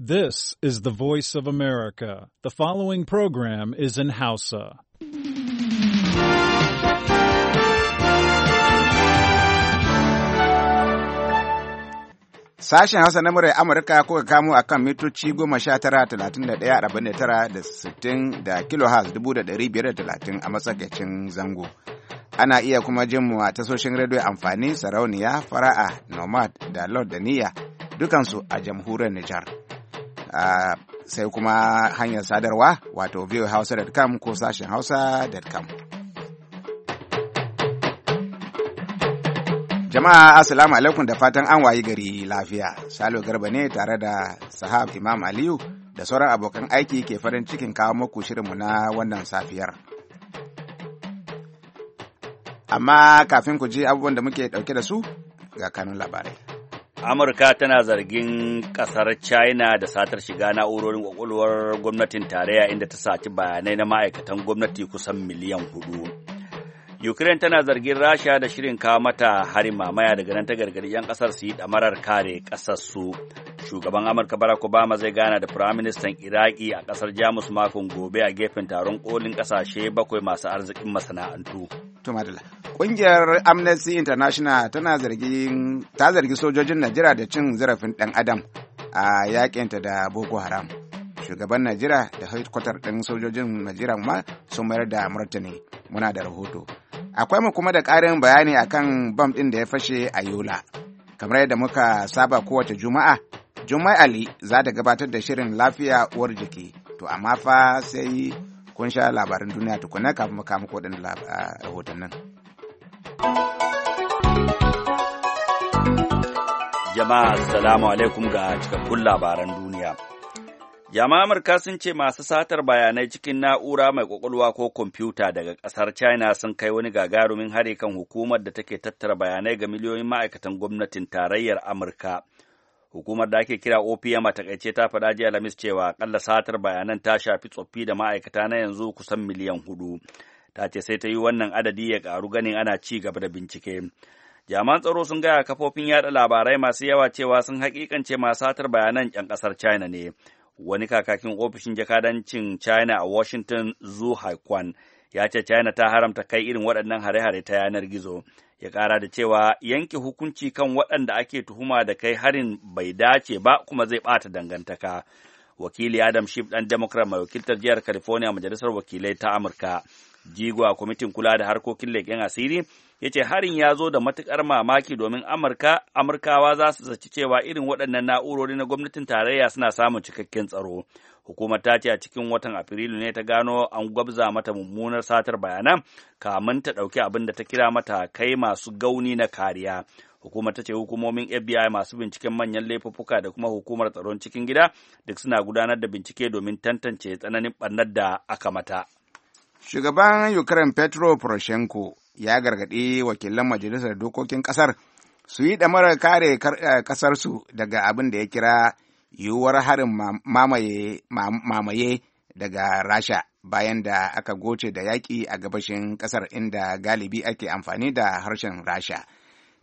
This is the voice of America. The following program is in Hausa. Sashen Hausa na murai Amurka kuka kamo akan kan mitoci goma sha tara talatin da ɗaya arba'in da tara da sittin da dubu da ɗari biyar da talatin a matsakaicin zango. Ana iya kuma jin mu a tasoshin rediyo amfani sarauniya fara'a nomad da lord da niyya dukansu a jamhuriyar Nijar. sai kuma hanyar sadarwa wato voahausa.com ko sashen hausa.com. Jama'a Assalamu alaikum da fatan an wayi gari lafiya. Salo Garba ne tare da Sahab Imam Aliyu da sauran abokan aiki ke farin cikin kawo muku shirinmu na wannan safiyar. Amma kafin ku ji abubuwan da muke ɗauke da su ga kanun labarai. Amurka tana zargin kasar China da satar shiga na'urorin kwakwalwar gwamnatin tarayya inda ta saci bayanai na ma'aikatan gwamnati kusan miliyan hudu. Ukraine tana zargin Rasha da shirin kawo mata harin mamaya daga nan ta gargadi 'yan kasar su yi ɗamarar kare ƙasarsu. Shugaban Amurka Barack Obama zai gana da Firaministan Iraki a ƙasar Jamus makon gobe a gefen taron kolin ƙasashe bakwai masu arzikin masana'antu. Ƙungiyar Amnesty International tana zargin ta zargi sojojin Najeriya da cin zarafin ɗan adam a yaƙinta da Boko Haram. Shugaban Najeriya da headquarter ɗin sojojin Najeriya ma sun mayar da martani muna da rahoto. Akwai mu kuma da ƙarin bayani akan bam ɗin da ya fashe a Yola. Kamar yadda muka saba kowace Juma'a, Juma'a Ali za ta gabatar da shirin lafiya uwar jiki, to amma fa sai kun sha labaran duniya tukuna kafin mu kama kodin nan. Jama'a Salamu alaikum ga cikakkun labaran duniya. Jama'a Amurka sun ce masu satar bayanai cikin na'ura mai kwakwalwa ko kwamfuta daga ƙasar China sun kai wani gagarumin hari kan hukumar da take tattara bayanai ga miliyoyin ma'aikatan gwamnatin tarayyar Amurka. Hukumar da ake kira OPM a takaice ta faɗa jiya Alhamis cewa ƙalla satar bayanan ta shafi tsoffi da ma'aikata na yanzu kusan miliyan hudu. Ta ce sai ta yi wannan adadi ya ƙaru ganin ana ci gaba da bincike. Jaman tsaro sun gaya kafofin yada labarai masu yawa cewa sun hakikance masu satar bayanan 'yan ƙasar China ne. Wani kakakin ofishin jakadancin China a Washington Zhu Haikwan ya ce China ta haramta kai irin waɗannan hare-hare ta yanar gizo. ya kara da cewa yanke hukunci kan waɗanda ake tuhuma da kai harin bai dace ba kuma zai ɓata dangantaka wakili adam shif ɗan democrat mai wakiltar jihar california majalisar wakilai ta amurka jigo a kwamitin kula da harkokin leƙen asiri ya ce harin ya zo da matuƙar mamaki domin amurka amurkawa za su zaci cewa irin waɗannan na'urori na gwamnatin tarayya suna samun cikakken tsaro hukumar ta ce a cikin watan afrilu ne ta gano an gwabza mata mummunar satar bayanan kamun ta ɗauki abin da ta kira mata kai masu gauni na kariya hukumar ta ce hukumomin fbi masu binciken manyan laifuffuka da kuma hukumar tsaron cikin gida duk suna gudanar da bincike domin tantance tsananin ɓarnar da aka mata shugaban ukraine petro poroshenko ya gargaɗi wakilan majalisar dokokin ƙasar su yi ɗamarar kare eh, ƙasarsu daga abin da ya kira yiwuwar harin mamaye, mamaye daga rasha bayan da aka goce da yaƙi a gabashin ƙasar inda galibi ake amfani da harshen rasha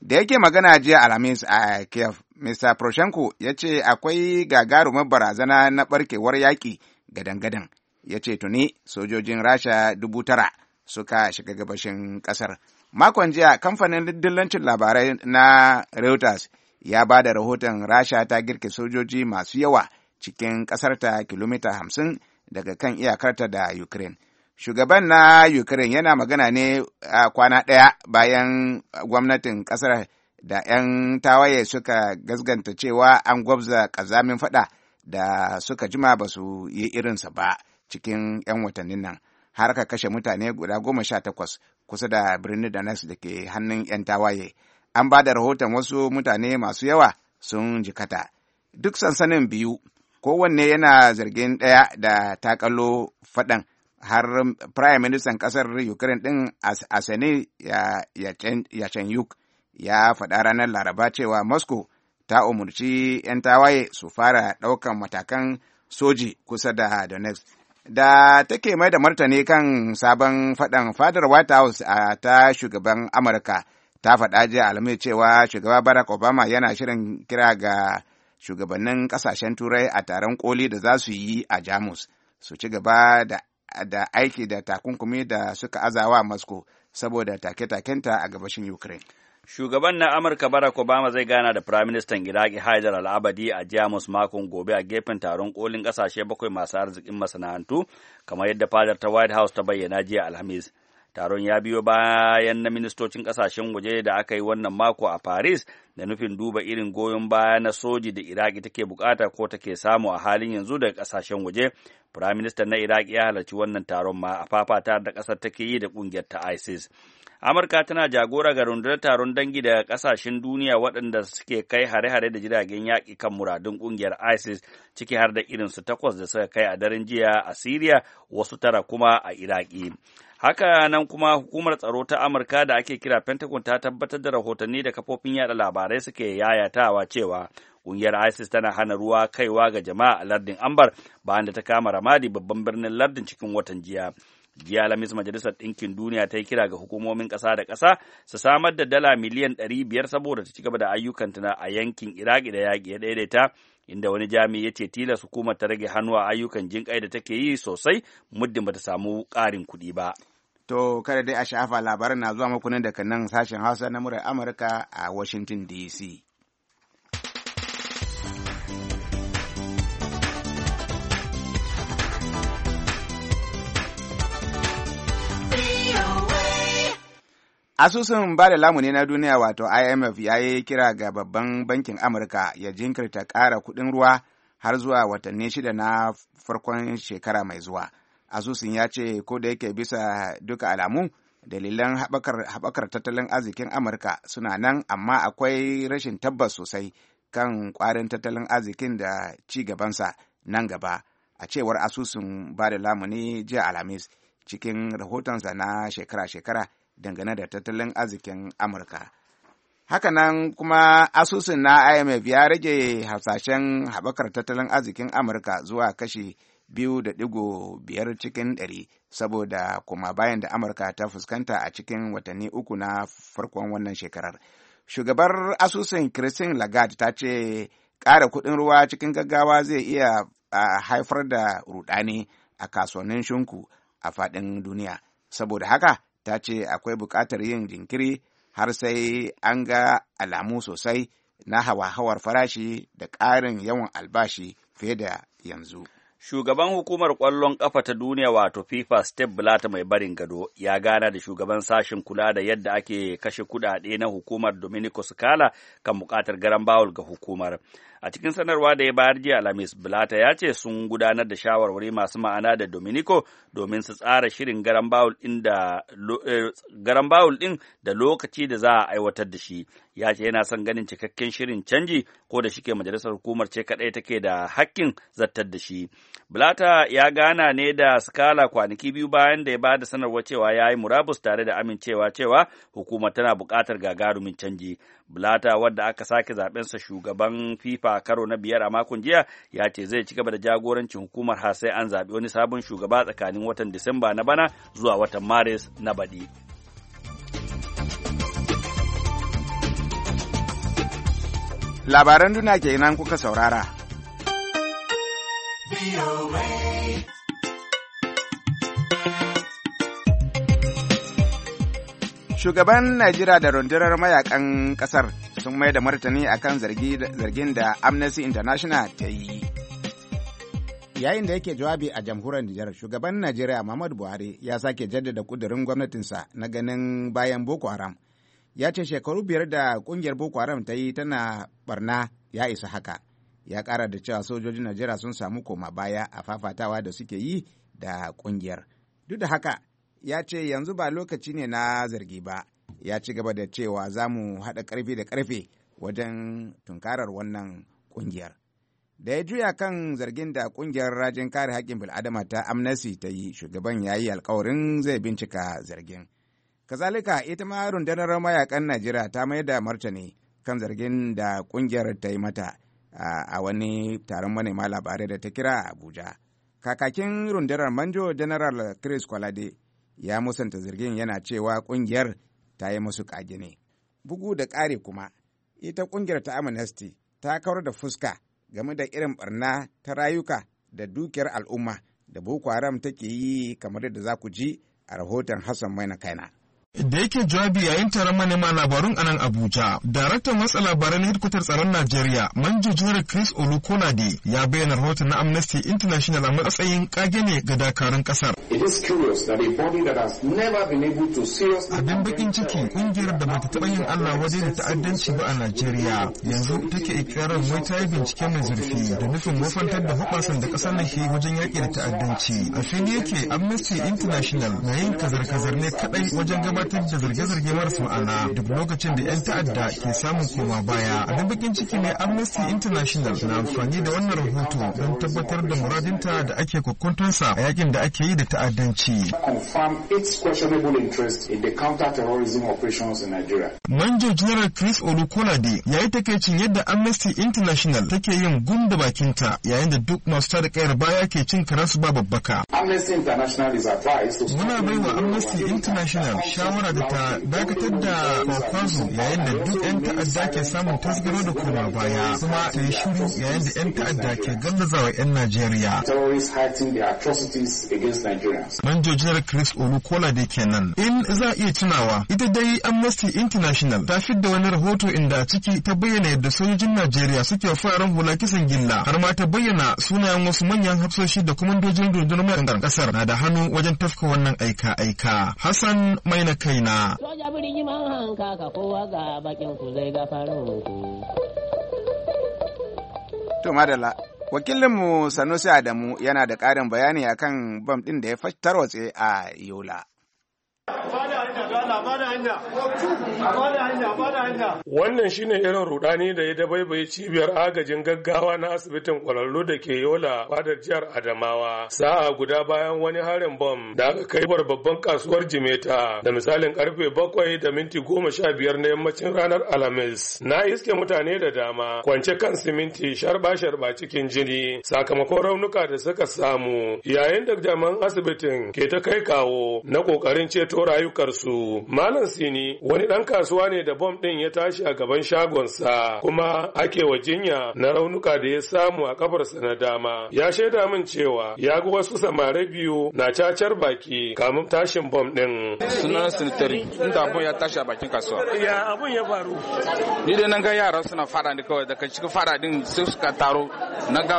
da yake magana jiya alhamis a kiev mr proshenko ya ce akwai gagarumar barazana na barkewar yaƙi gadan-gadan ya ce tuni sojojin rasha dubu tara suka shiga gabashin ƙasar makon jiya kamfanin dillancin labarai na reuters ya ba da rahoton rasha ta girke sojoji masu yawa cikin ƙasarta kilomita hamsin daga kan iyakarta da ukraine shugaban na ukraine yana magana ne a kwana ɗaya bayan gwamnatin ƙasar da 'yan tawaye suka gasganta cewa an gwabza ƙazamin faɗa da suka jima ba su yi irinsa ba cikin 'yan watannin nan har ka kashe mutane guda goma sha takwas kusa da birnin danas da ke hannun 'yan tawaye an ba da rahoton wasu mutane masu yawa sun jikata duk sansanin biyu kowanne yana zargin ɗaya da takalo faɗan har prime minister ƙasar ukraine ɗin asani yachenyuk ya faɗa ranar laraba cewa moscow ta umarci 'yan tawaye su fara ɗaukan matakan soji kusa da donetsk da take mai da martani kan sabon faɗan fadar white house a ta shugaban amurka ta faɗa jiya alhamis cewa shugaba barack obama yana shirin kira ga shugabannin kasashen turai a taron koli da za su yi a jamus su ci gaba da aiki da takunkumi da suka azawa Moscow saboda take-takenta a gabashin Ukraine. Shugaban na Amurka Barack Obama zai gana da Firaministan Iraki Haidar Al-Abadi a Jamus makon gobe a gefen taron kolin kasashe bakwai masu arzikin masana'antu, kamar yadda fadar ta White House ta bayyana jiya Alhamis. taron ya biyo bayan na ministocin kasashen waje da aka yi wannan mako a paris da nufin duba irin goyon baya na soji da iraki take bukata ko take samu a halin yanzu daga kasashen waje firaministan na iraki ya halarci wannan taron ma a fafata da kasar take yi da kungiyar ta isis amurka tana jagora ga rundunar taron dangi daga kasashen duniya waɗanda suke kai hare-hare da jiragen yaƙi kan muradun kungiyar isis ciki har da irinsu takwas da suka kai a daren jiya a siriya wasu tara kuma a iraki haka nan kuma hukumar tsaro ta amurka da ake kira pentagon ta tabbatar da rahotanni da kafofin yada labarai suke yayatawa cewa ƙungiyar isis tana hana ruwa kaiwa ga jama'a a lardin ambar bayan da ta kama ramadi babban birnin lardin cikin watan jiya jiya lamis majalisar ɗinkin duniya ta yi kira ga hukumomin ƙasa da ƙasa su samar da dala miliyan ɗari biyar saboda ta ci gaba da ayyukanta a yankin iraki da yaƙi ya daidaita inda wani jami'i ya ce tilas hukumar ta rage hannu a ayyukan jinƙai da take yi sosai muddin bata samu ƙarin kuɗi ba. To kada dai a sha'afa labaran na zuwa muku daga nan sashen Hausa na murar Amurka a Washington DC. Asusun ba da lamuni na duniya wato IMF ya yi kira ga babban bankin Amurka ya jinkirta ƙara kuɗin ruwa har zuwa watanni shida na farkon shekara mai zuwa. Asusun ya ce ko da yake bisa duka alamu dalilan haɓakar tattalin arzikin Amurka suna nan amma akwai rashin tabbas sosai kan ƙwarin tattalin arzikin da ci gabansa nan gaba a cewar asusun ba da lamuni jiya alhamis cikin rahotonsa na shekara-shekara. dangane da tattalin arzikin amurka hakanan kuma asusun na imf ya rage hasashen haɓakar tattalin arzikin amurka zuwa kashi biyu da digo biyar cikin ɗari saboda kuma bayan da amurka ta fuskanta a cikin watanni uku na farkon wannan shekarar shugabar asusun christine lagarde ta ce ƙara kuɗin ruwa cikin gaggawa zai iya haifar da rudani a kasuwannin shunku a faɗin duniya saboda haka ta ce akwai bukatar yin jinkiri har sai an ga alamu sosai na hawa-hawar farashi da ƙarin yawan albashi fiye da yanzu. Shugaban hukumar ƙwallon ƙafa ta duniya wato FIFA Step Blatter mai barin gado ya gana da shugaban sashen kula da yadda ake kashe kuɗaɗe na hukumar Dominico Scala kan buƙatar garan bawul ga hukumar. a cikin sanarwa da ya bayar jiya alhamis bilata ya ce sun gudanar da shawarwari masu ma'ana da dominico domin su tsara shirin garan bawul eh, din da lokaci da za a aiwatar da shi ya ce yana son ganin cikakken shirin canji ko da shike majalisar hukumar ce kadai take da hakkin zattar da shi. Blata ya gana ne da skala kwanaki biyu bayan da ya ba da sanarwa cewa ya yi murabus tare da amincewa cewa hukumar tana buƙatar gagarumin canji. Blata wadda aka sake zaɓensa shugaban FIFA karo na biyar a makon jiya ya ce zai ci gaba da jagorancin hukumar har sai an zaɓi wani sabon shugaba tsakanin watan Disamba na bana zuwa watan Maris na baɗi. labaran duniya kenan kuka saurara. Shugaban Najeriya da rundunar mayakan ƙasar sun mai da martani a kan zargin da Amnesty International ta yi. Yayin da yake jawabi a jamhuriyar Nijar, shugaban Najeriya Muhammadu Buhari ya sake jaddada kudurin gwamnatinsa na ganin bayan Boko Haram ya ce shekaru biyar da kungiyar boko haram ta yi tana barna ya isa haka ya kara da cewa sojojin najeriya sun samu koma baya a fafatawa da suke yi da kungiyar duk da haka ya ce yanzu ba lokaci ne na zargi ba ya ci gaba da cewa za mu haɗa ƙarfi da ƙarfe wajen tunkarar wannan kungiyar da ya juya kan zargin da kungiyar rajin kare haƙƙin bil'adama ta amnesty ta yi shugaban ya yi alkawarin zai bincika zargin Kazalika ita ma rundunar mayakan Najeriya ta mai da martani kan zargin da kungiyar ta yi mata a wani taron manema labarai da ta kira Abuja. Kakakin rundunar Manjo General Chris Kwalade ya musanta zargin yana cewa kungiyar ta yi masu kage ne. Bugu da ƙari kuma, ita kungiyar ta Amnesty ta kawar da fuska game da irin barna ta rayuka da dukiyar al'umma da Boko Haram take yi kamar da za ku ji a rahoton Hassan Maina Kaina. da yake jawabi yayin taron manema labarun a nan Abuja. Daraktan watsa labarai na tsaron Najeriya, Manjo Jihar Chris Olukolade, ya bayyana rahoton na Amnesty International a matsayin kage ne ga dakarun kasar. Abin bakin ciki kungiyar da bata taɓa yin Allah waje da ta'addanci ba a Najeriya yanzu take ikirarin wai ta yi bincike mai zurfi da nufin wafantar da hubasan da kasar nan ke wajen yaƙi da ta'addanci. A fili yake Amnesty International na yin kazar-kazar ne kaɗai wajen gabatar gabatar da zirge-zirge marasu ma'ana duk lokacin da 'yan ta'adda ke samun koma baya abin bakin ciki ne amnesty international na amfani da wannan rahoto don tabbatar da muradinta da ake kwakwantonsa a yakin da ake yi da ta'addanci manjo general chris olukolade ya yi takaicin yadda amnesty international take yin gun da bakinta yayin da duk masu tada kayar baya ke cin karansu ba babbaka muna baiwa amnesty international shawara shawara da ta dakatar da kwakwazo yayin da duk 'yan ta'adda ke samun tasgaro da koma baya kuma ta yi shiru yayin da 'yan ta'adda ke gallazawa 'yan Najeriya. Manjo Janar Chris Olukola da kenan. In za a iya tunawa, ita dai Amnesty International ta da wani rahoto inda ciki ta bayyana yadda sojojin Najeriya suke fara hula kisan gilla har ma ta bayyana sunayen wasu manyan hafsoshi da dojin rundunar mai ƙasar na da hannu wajen tafka wannan aika-aika. Hassan Maina kaina. Soja birni man hanka ka kowa ga bakin ku zai gafarin ku. To madalla, wakilinmu Sanusi Adamu yana da ƙarin bayani akan bam ɗin da ya tarwatse a Yola. Wannan shine irin rudani da ya dabaibaye cibiyar agajin gaggawa na asibitin kwararru da ke Yola fadar jihar Adamawa. Sa'a guda bayan wani harin bom da aka kai babban kasuwar Jimeta da misalin karfe bakwai da minti goma sha biyar na yammacin ranar Alhamis. Na iske mutane da dama kwance kan siminti sharba-sharba cikin jini sakamakon raunuka da suka samu yayin da jami'an asibitin ke ta kai kawo na kokarin ceto rayukarsu. su. Malam Sini wani ɗan kasuwa ne da bom ɗin ya tashi a gaban shagonsa kuma ake wa jinya na raunuka da ya samu a kafarsa na dama. Ya shaida min cewa ya ga wasu samare biyu na cacar baki kamun tashin bom ɗin. Sunan sinitari inda abun ya tashi a bakin kasuwa. Ya abun ya faru. Ni dai nan ga yara suna fada ne kawai daga cikin fada din sai suka taro na ga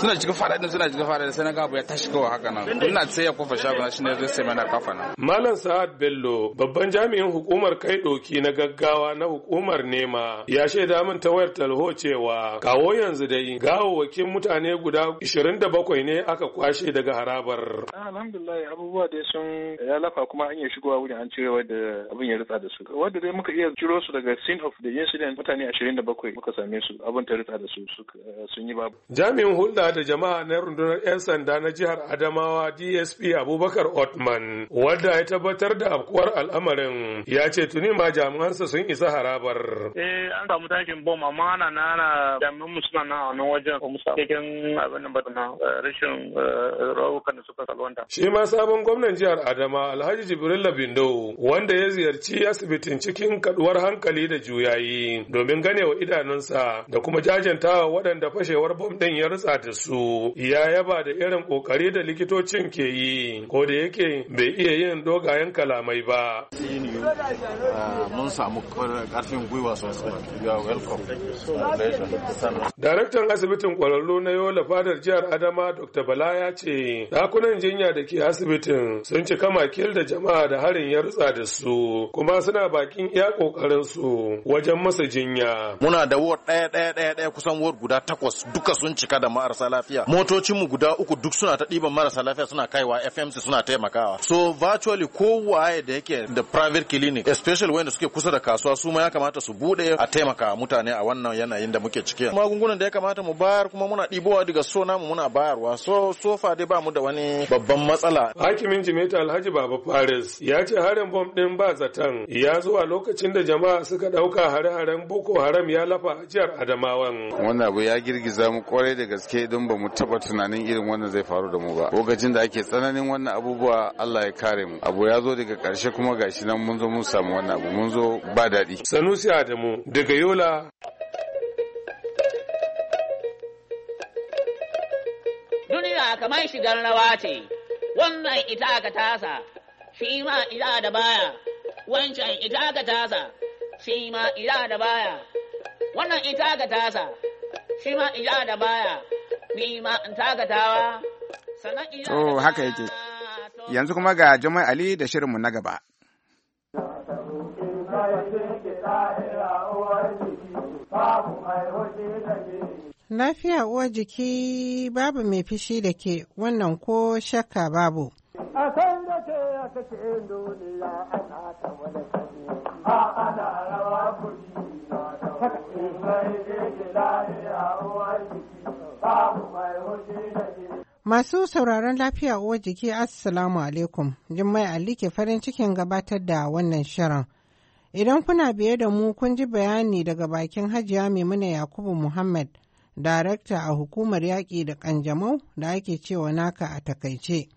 suna cikin fada din suna cikin fada sai na ga abu ya tashi kawai haka nan. Ina ya kofa shagon shi ne zai sai mana kafa na. Malam Sa'ad Ahmad Bello babban jami'in hukumar kai doki na gaggawa na hukumar nema ya shaida min ta wayar talho cewa kawo yanzu dai gawawwakin mutane guda 27 ne aka kwashe daga harabar. Ah, alhamdulillah abubuwa dai sun ya lafa kuma an iya shigowa wurin an cire wadda abin ya ritsa da su. Wadda dai muka iya ciro su daga scene of the incident mutane 27 muka same su abin ta ritsa da su eh, sun yi babu. Jami'in hulɗa da jama'a na rundunar 'yan sanda na jihar Adamawa DSP Abubakar Otman wadda ya tabbatar da afkuwar al'amarin ya ce tuni ma jami'ansa sun isa harabar. Eh an samu tashin bom amma ana na ana jami'an suna nan a nan wajen kuma cikin abin da ba na eh, rashin eh, rawukan da suka salwanta. Shi ma sabon gwamnan jihar Adama Alhaji Jibril Labindo wanda ya ziyarci asibitin cikin kaduwar hankali da juyayi domin gane wa idanunsa da kuma jajantawa waɗanda fashewar bom ɗin ya rutsa da su ya yaba da irin ƙoƙari da likitocin ke yi ko da yake bai iya yin dogayen kala kalamai ba. Mun samu karfin gwiwa sosai. Daraktan asibitin kwararru na Yola Fadar Jihar Adama Dr. Bala ya ce, dakunan jinya da ke asibitin sun cika makil da jama'a da harin ya rutsa da su, kuma suna bakin iya kokarin su wajen masa jinya. Muna da ward ɗaya ɗaya ɗaya ɗaya kusan ward guda takwas duka sun cika da marasa lafiya. Motocinmu guda uku duk suna ta ɗiban marasa lafiya suna kaiwa FMC suna taimakawa. So virtually kowa waye da yake da private clinic especially wanda suke kusa da kasuwa su ma ya kamata su bude a taimaka mutane a wannan yanayin da muke ciki magungunan da ya kamata mu bayar kuma muna ɗibowa daga so namu muna bayarwa so so fa dai ba mu da wani babban matsala hakimin jimeta alhaji baba faris ya ce harin bom din ba zaton ya zo a lokacin da jama'a suka dauka hare-haren boko haram ya lafa a jihar adamawan wannan abu ya girgiza mu kwarai da gaske don ba mu taba tunanin irin wannan zai faru da mu ba lokacin da ake tsananin wannan abubuwa Allah ya kare mu abu ya zo daga daga karshe kuma gashi nan mun zo mun samu wannan abu mun zo ba daɗi sanusi adamu daga yola duniya kamar shigar rawa ce wannan ita aka tasa shi ma ila da baya wancan ita aka tasa shi ma ila da baya wannan ita aka tasa shi ma ila da baya ni ma in tagatawa sannan To haka yake Yanzu kuma ga Jama'a Ali da shirinmu na gaba. Lafiya uwa jiki babu mai fishi da ke wannan ko shakka babu. A da da Masu sauraron lafiya uwa jiki Assalamu alaikum, Jummai Ali ke farin cikin gabatar da wannan shirin. Idan kuna biye da mu kun ji bayani daga bakin Hajiya Maimuna Yakubu Muhammad, darakta a hukumar yaƙi da ƙanjamau da ake cewa naka a takaice,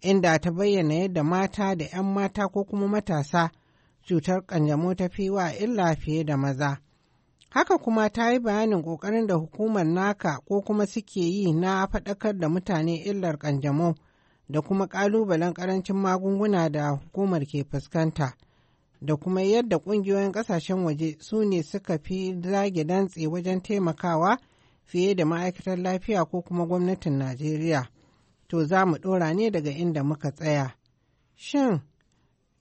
inda ta bayyana yadda mata da 'yan mata ko kuma matasa cutar ƙanjamau ta fi wa illa fiye da maza. Haka kuma ta yi bayanin ƙoƙarin da hukumar naka ko kuma suke yi na faɗakar da mutane illar ƙanjamau da kuma ƙalubalen ƙarancin magunguna da hukumar ke fuskanta da kuma yadda ƙungiyoyin ƙasashen waje su ne suka fi zage dantse wajen taimakawa fiye da ma'aikatar lafiya ko kuma gwamnatin Najeriya. To za mu ɗora ne daga inda muka tsaya. Shin,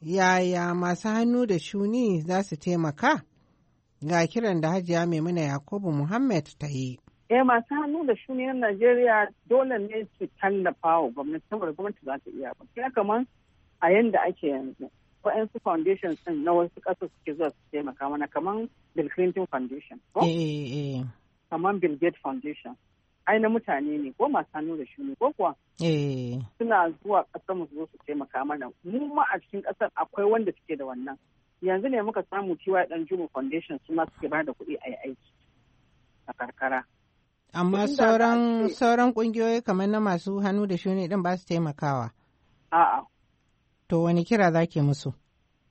yaya masu hannu da shuni za su taimaka? Ga kiran da Hajiya Maimuna Yakubu Muhammad ta yi. E, masu hannu da shuniyar Najeriya dole ne su tallafa wa gwamnati saboda gwamnati za ta iya ba. ya kaman a yanda ake yanzu. Wa'yansu foundation sun na wasu ƙasa suke zuwa su taimaka mana kamar Bill Clinton Foundation. Eh, eh, kamar Bill Gates Foundation. ai na mutane ne ko masu hannu da shuni ko kuwa suna zuwa ƙasar mu su taimaka mana mu ma a cikin ƙasar akwai wanda suke da wannan yanzu ne muka samu kiwa dan juma foundation su ma suke bada kuɗi a yi aiki a karkara amma sauran ƙungiyoyi kamar na masu hannu da shuni din ba su taimakawa a'a to wani kira za ke musu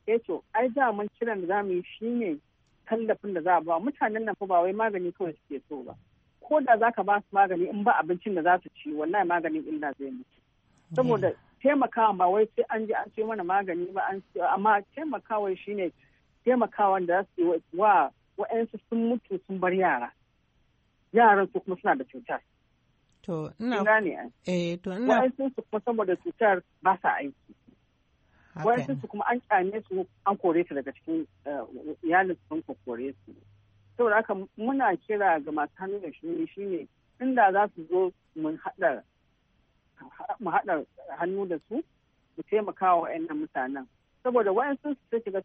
eh to ai da mun kiran da za mu yi shine tallafin da za a ba mutanen nan fa ba wai magani kawai suke so ba ko da za ka ba su magani in ba abincin da za su ci wallahi maganin illa zai mutu mm. saboda taimakawa ba wai sai an ji an ce mana magani ba amma taimakawa shine taimakawa da za su wa wa'yansu sun mutu sun bar yara yaran su kuma suna da cutar to ina ne eh to ina wa'yansu su kuma saboda cutar ba sa aiki wa'yansu su kuma an kyame su an kore su daga cikin eh, iyalin sun kore su saboda haka muna kira ga masu hannu da shi ne inda za su zo mun haɗa mu haɗa hannu da su mu taimaka wa wa'annan mutanen saboda wa'ansu su shiga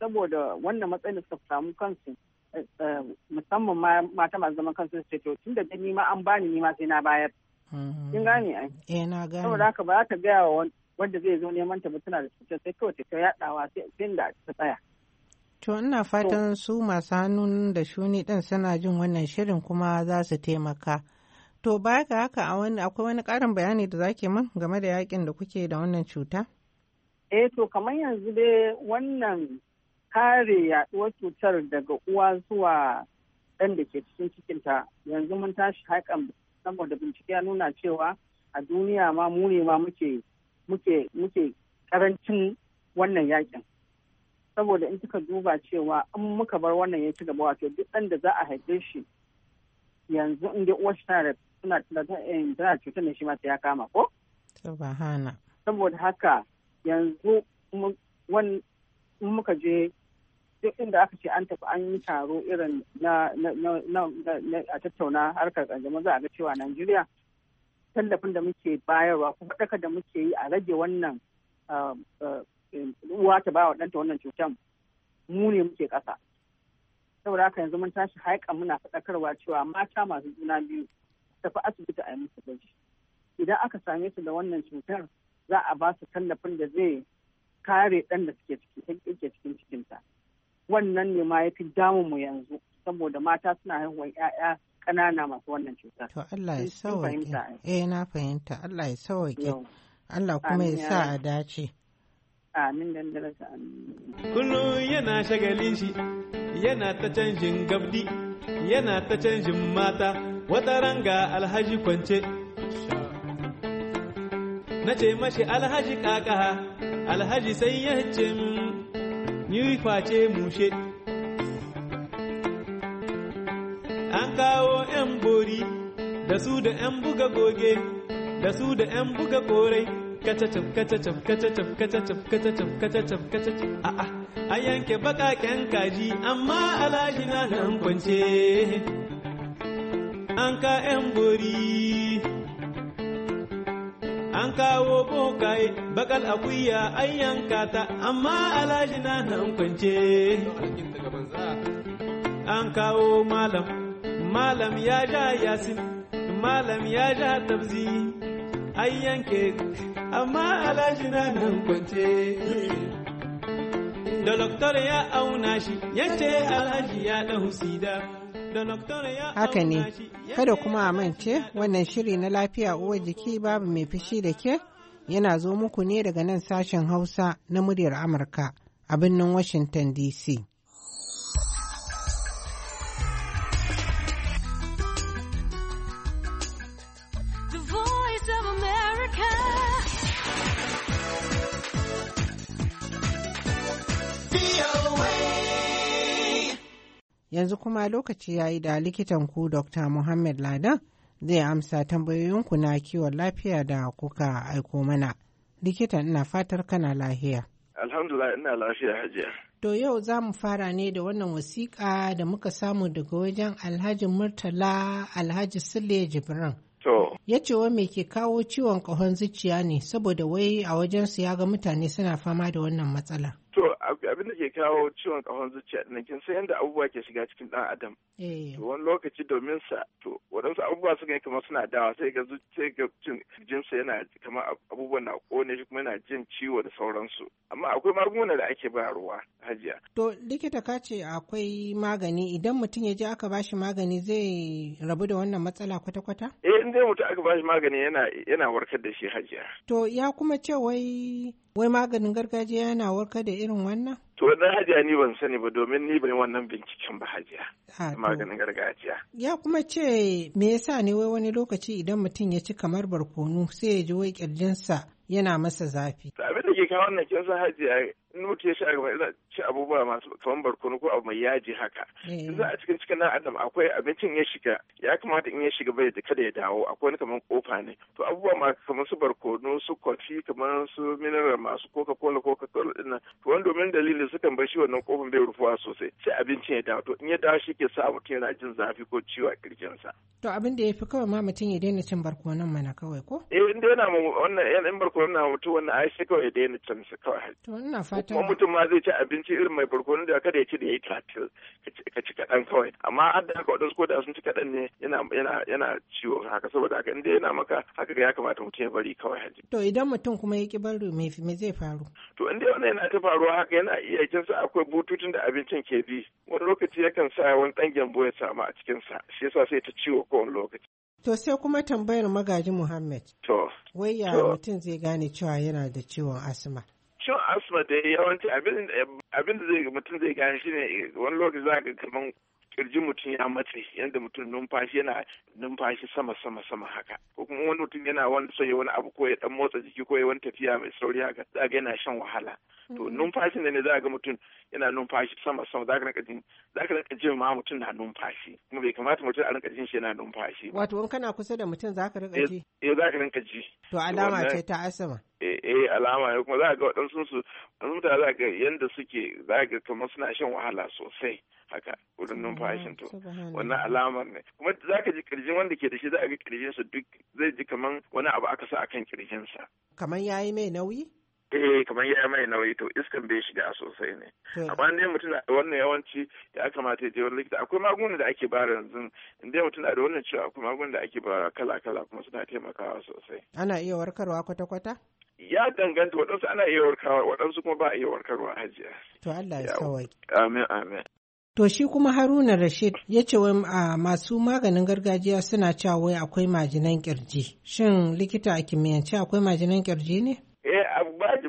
saboda wannan matsayin da samu kansu eh, musamman mata masu zaman kansu su ce tun da ni ma an bani ni ma sai na bayar mm-hmm. kin gane ai eh na gane saboda haka ba za ta gaya wa wanda zai zo neman ta tana da cutar sai kawai ta yadawa sai da ta tsaya to ina fatan su masu hannun da shuni din suna jin wannan shirin kuma za su taimaka To baya ga haka akwai wani ƙarin bayani da zake min game da yakin da kuke da wannan cuta? Eh to kamar yanzu dai wannan kare yaduwar cutar daga uwa zuwa ɗan da ke cikin cikinta yanzu mun tashi haƙan saboda bincike ya nuna cewa a duniya ma mu ne ma muke muke muke karancin wannan yakin saboda in kika duba cewa in muka bar wannan ya ci gaba wato duk ɗan da za a haife shi yanzu in dai uwarshi eh, tana da cutar da shi ma sai ya kama ko subhana saboda haka yanzu wani muka je duk inda aka ce an tafi an yi taro irin na a tattauna harkar kanjamau za a ga cewa Najeriya tallafin da muke bayarwa ko faɗaka da muke yi a rage wannan ah, ah, eh, uwa ta bawa wa ɗanta wannan cutar mu ne muke ƙasa. saboda haka yanzu mun tashi haika muna faɗakarwa cewa mata masu juna biyu tafi asibiti a yi musu gwaji idan aka same su da wannan cutar za a ba su tallafin da zai kare ɗan da suke ciki cikin cikinta wannan ne ma ya fi damun mu yanzu saboda mata suna haihuwar ƴaƴa ƙanana masu wannan cutar. To Allah ya sauwaƙe. Eh na fahimta Allah ya sauwaƙe. Allah kuma ya sa a dace. Amin dan darasa amin. Kullum yana shagalin shi yana ta canjin gabdi yana ta canjin mata wata ranga alhaji kwance na ce mashi alhaji kakaha alhaji sai ya ce ni face mushe an kawo 'yan bori da su da 'yan buga goge da su da 'yan buga korai katacin katacin katacin katacin katacin katacin katacin a'a a yanke bakaken kaji amma alaji na nan kwance an ka yan bori an kawo bokaye bakal akuya an yanka ta amma alaji na nan kwance an kawo malam malam ya ja yasin malam ya ja tabzi an yanke amma alhaji na nan kwance da doktor ya auna shi ya ce alhaji ya sida haka ne kada kuma a mance wannan shiri na lafiya uwar jiki babu mai fishi da ke yana zo muku ne daga nan sashen hausa na muryar amurka a birnin washington dc yanzu kuma lokaci ya yi da likitan ku dr muhammad ladan zai amsa tambayoyinku na kiwon lafiya da kuka aiko mana likitan ina fatar kana lahiya alhamdulillah ina lafiya hajiya to yau za mu fara ne da wannan wasiƙa da muka samu daga wajen alhaji murtala alhaji sule jibran ya ce wa mai ke kawo ciwon ƙahon zuciya ne saboda wai a wajensu ya ga mutane suna fama da wannan matsala. To abin ke kawo ciwon ƙahon zuciya ɗin kin san yadda abubuwa ke shiga cikin ɗan adam eh. to wani lokaci domin sa to waɗansu abubuwa suka yi kamar suna dawa sai ga sai ga jinsa yana kamar abubuwan na kone shi kuma yana jin ciwo da sauransu amma akwai magunguna da ake bayarwa hajiya to likita ka ce akwai magani idan mutum ya je aka bashi magani zai rabu da wannan matsala kwata-kwata eh in dai mutum aka bashi magani yana yana warkar da shi hajiya to ya kuma ce wai wai maganin gargajiya yana warkar da irin wannan To na hajiya ni ban sani ba domin ni ban wannan binciken ba hajiya. Maganin gargajiya. Ya kuma ce me yasa ne wai wani lokaci idan mutum ya ci kamar barkono sai ya ji wai kirjinsa yana masa zafi. Abin da ke kawo wannan kin san hajiya in mutu ya sha gaba ina ci abubuwa masu kaman barkono ko abu mai yaji haka in eh. za a cikin cikin adam akwai abincin ya shiga ya kamata in ya shiga bai da kada ya dawo akwai wani kaman kofa ne to abubuwa masu kaman su barkono su kofi kaman su mineral masu coca cola coca cola din to wani domin dalilin sukan bar shi wannan kofin bai rufuwa sosai sai abincin ya dawo to in ya dawo shi ke sa mutum yana jin zafi ko ciwo a kirjinsa. to abin da ya fi kawai ma mutum ya daina cin barkonon mana kawai ko. eh yana mu wannan yan barkonon na mutum wannan ai sai kawai ya daina cin su kawai. to ina fata kuma mutum ma zai ci abinci irin mai barkono da kada ya ci da yayi tatil ka ci kaɗan kawai amma har da haka waɗansu ko da sun ci kaɗan ne yana yana yana ciwo haka saboda haka inda yana maka haka ga ya kamata mutum ya bari kawai haji to idan mutum kuma ya ki bari me me zai faru to inda wannan yana ta faruwa haka yana iya kin sa akwai bututun da abincin ke bi wani lokaci yakan sa wani ɗan gyambo ya samu a cikin sa shi yasa sai ta ciwo ko wani lokaci To sai kuma tambayar magaji Muhammad. To. Wai ya mutum zai gane cewa yana da ciwon asma. ciwon asma da yawanci abin da zai mutum zai gane shine wani lokaci za ka kaman kirji mutum ya matse yadda mutum numfashi yana numfashi sama sama sama haka ko kuma wani mutum yana wani so wani abu ko ya dan motsa jiki ko ya wani tafiya mai sauri haka za ga yana shan wahala to mm-hmm. numfashin ne ne za ga mutum yana numfashi sama sama za ka rinka jin za ka rinka jin ma mutum na numfashi kuma bai kamata mutum a rinka jin shi yana numfashi wato in kana kusa da mutum za ka rinka eh, ji eh za ka rinka ji to alama ce ta asama eh, eh alama ne kuma za ga waɗansu su wasu mutane za ga yanda suke za ga kamar suna shan wahala sosai haka wurin numfashi mm-hmm. numfashin to wannan alamar ne kuma za ka ji kirjin wanda ke da shi za a ga sa duk zai ji kaman wani abu aka sa akan sa kaman yayi mai nauyi eh kamar ya mai nauyi to iskan bai shiga sosai ne amma ne mutum na wannan yawanci ya kamata ya je wurin likita akwai magunguna da ake bara yanzu inda mutum na da wannan cewa akwai magunguna da ake bara kala kala kuma suna taimakawa sosai ana iya warkarwa kwata kwata ya danganta waɗansu ana iya warkarwa waɗansu kuma ba a iya warkarwa hajiya to Allah ya kawai amin amin To shi kuma Haruna Rashid ya ce wai a masu maganin gargajiya suna cewa wai akwai majinan kirji. Shin likita a kimiyyance akwai majinan kirji ne? Eh,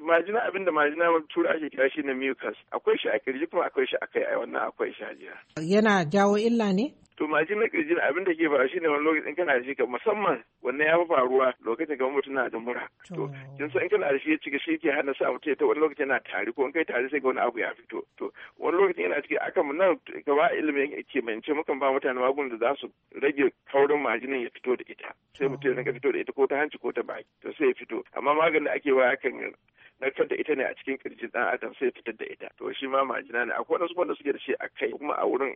majina abin da majina tura ake kira shi na mucus akwai shi a kirji kuma akwai shi a kai a wannan akwai shi hajiya. yana jawo illa ne to majin na kirjin abin da ke faru shi ne wani lokacin kana da shi ka musamman wanne ya fi faruwa lokacin kamar mutum na da mura to kin san in kana da shi ya cika shi ke hana sa mutum ta wani lokacin yana tari ko in kai tari sai ga wani abu ya fito to wani lokacin yana cikin aka mun nan gaba ilimin ke mance mukan ba mutane magungunan da za su rage kaurin majinin ya fito da ita sai mutum ya fito da ita ko ta hanci ko ta baki to sai ya fito amma maganin da ake wa kan narkar da ita ne a cikin kirjin dan adam sai fitar da ita to shi ma majina ne akwai wasu wanda suke da shi a kai kuma a wurin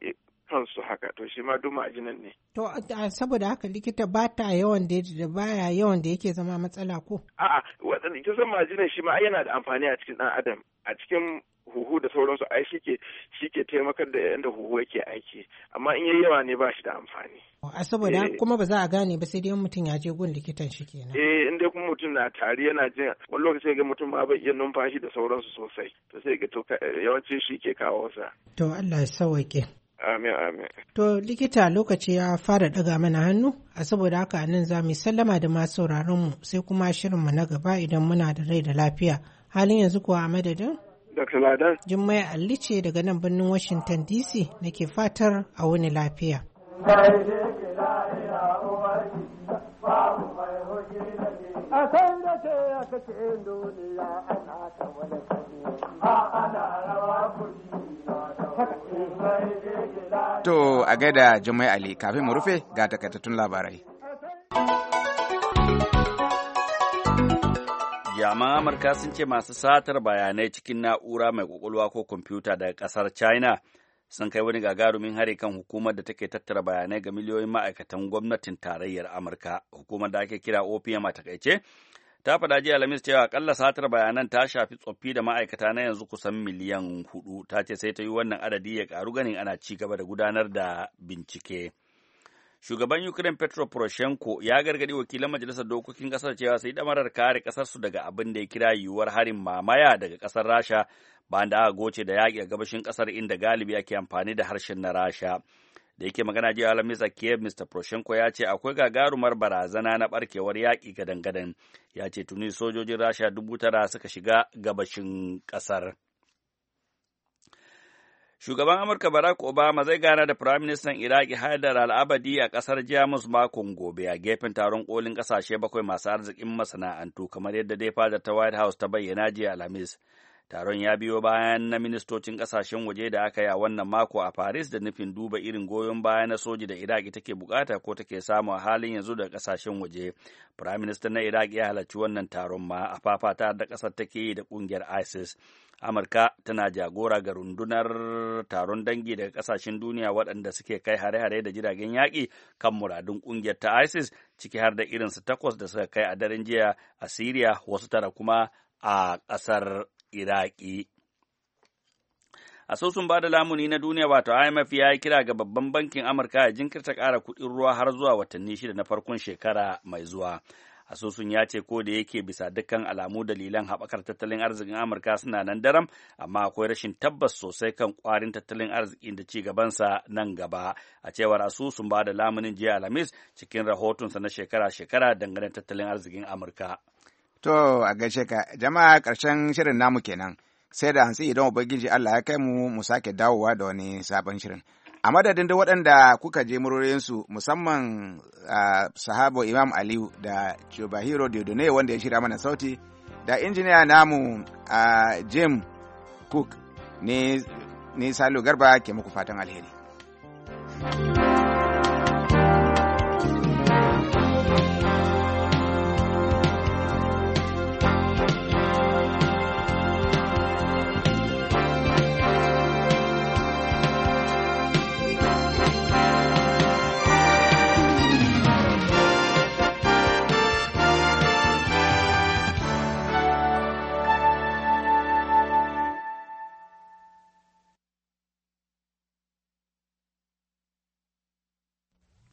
kansu haka to shi ma duk majinan ne to saboda haka likita ba ta yawan da da baya yawan da yake zama matsala ko a'a wadannan ita san majinan shi ma yana da amfani a cikin dan adam a cikin huhu da sauransu ai shike shike taimakar da yadda huhu yake aiki amma in yayi yawa ne ba shi da amfani a saboda eh. kuma ba za a gane ba sai dai mutum ya je gun likitan shi kenan eh in dai kuma mutum na tari yana jin wani lokaci ga mutum ma bai iya numfashi da sauransu sosai to sai ga to yawanci shi ke kawo sa to Allah ya sauke Amin, amin. To likita lokaci ya fara daga mana hannu, a saboda haka nan za mu sallama da masu mu sai kuma shirinmu na gaba idan muna da rai da lafiya. Halin yanzu kuwa a madadin? Dr. Ladan. Jummai Ali ce daga nan birnin Washington DC nake fatar a wani lafiya. To a gaida Jummai Ali kafin mu rufe ga takaitattun labarai. dama Amurka sun ce masu satar bayanai cikin na'ura mai kwakwalwa ko kwamfuta daga kasar China sun kai wani gagarumin hari kan hukumar da take tattara bayanai ga miliyoyin ma'aikatan gwamnatin tarayyar Amurka. Hukumar da ake kira OPM a takaice ta faɗa jiya Alhamis cewa akalla satar bayanan ta shafi tsoffi da ma'aikata na yanzu kusan miliyan hudu. Ta ce sai ta yi wannan adadi ya ƙaru ganin ana ci gaba da gudanar da bincike. shugaban ukraine petro poroshenko ya gargaɗi wakilan majalisar dokokin Ƙasar cewa su yi damarar kare kasarsu daga abin da ya kira yiwuwar harin mamaya daga ƙasar rasha bayan da aka goce da yaƙi a gabashin kasar inda galibi ake amfani da harshen na rasha da yake magana jiya alhamis a kiev mr poroshenko ya ce akwai gagarumar barazana na barkewar yaƙi gadangadan", gadan ya ce tuni sojojin rasha dubu tara suka shiga gabashin ƙasar. Shugaban Amurka Barack Obama zai gana da Firaministan Iraki Haidar Al-Abadi a ƙasar Jamus makon gobe a gefen taron kolin ƙasashe bakwai masu arzikin masana'antu kamar yadda dai fadar ta White House ta bayyana jiya Alhamis. taron ya biyo bayan na ministocin kasashen waje da aka yi a wannan mako a paris da nufin duba irin goyon baya na soji da iraki take bukata ko take samu a halin yanzu da kasashen waje prime minister na iraki ya halarci wannan taron ma a fafata da kasar take yi da kungiyar isis amurka tana jagora ga rundunar taron dangi daga kasashen duniya waɗanda suke kai hare-hare da jiragen yaƙi kan muradun ƙungiyar ta isis ciki har da irinsu takwas da suka kai a daren jiya a siriya wasu tara kuma a ƙasar iraki asusun ba da lamuni na duniya wato imf ya yi kira ga babban bankin amurka ya jinkirta ƙara kuɗin ruwa har zuwa watanni shida na farkon shekara mai zuwa asusun ya ce ko da yake bisa dukkan alamu dalilan haɓakar tattalin arzikin amurka suna nan daram amma akwai rashin tabbas sosai kan ƙwarin tattalin arzikin da ci gabansa nan gaba a cewar asusun ba da lamunin jiya alhamis cikin rahotonsa na shekara-shekara dangane tattalin arzikin amurka To a gaishe ka jama'a ƙarshen shirin namu kenan sai da hantsi idan ubangiji Allah ya kai mu mu sake dawowa da wani sabon shirin. A madadin da waɗanda kuka je murorinsu musamman a sahabo Imam Aliyu da Chubahiro Diodone wanda ya shira mana sauti da injiniya namu a Jim Cook ne Salo Garba ke muku fatan alheri.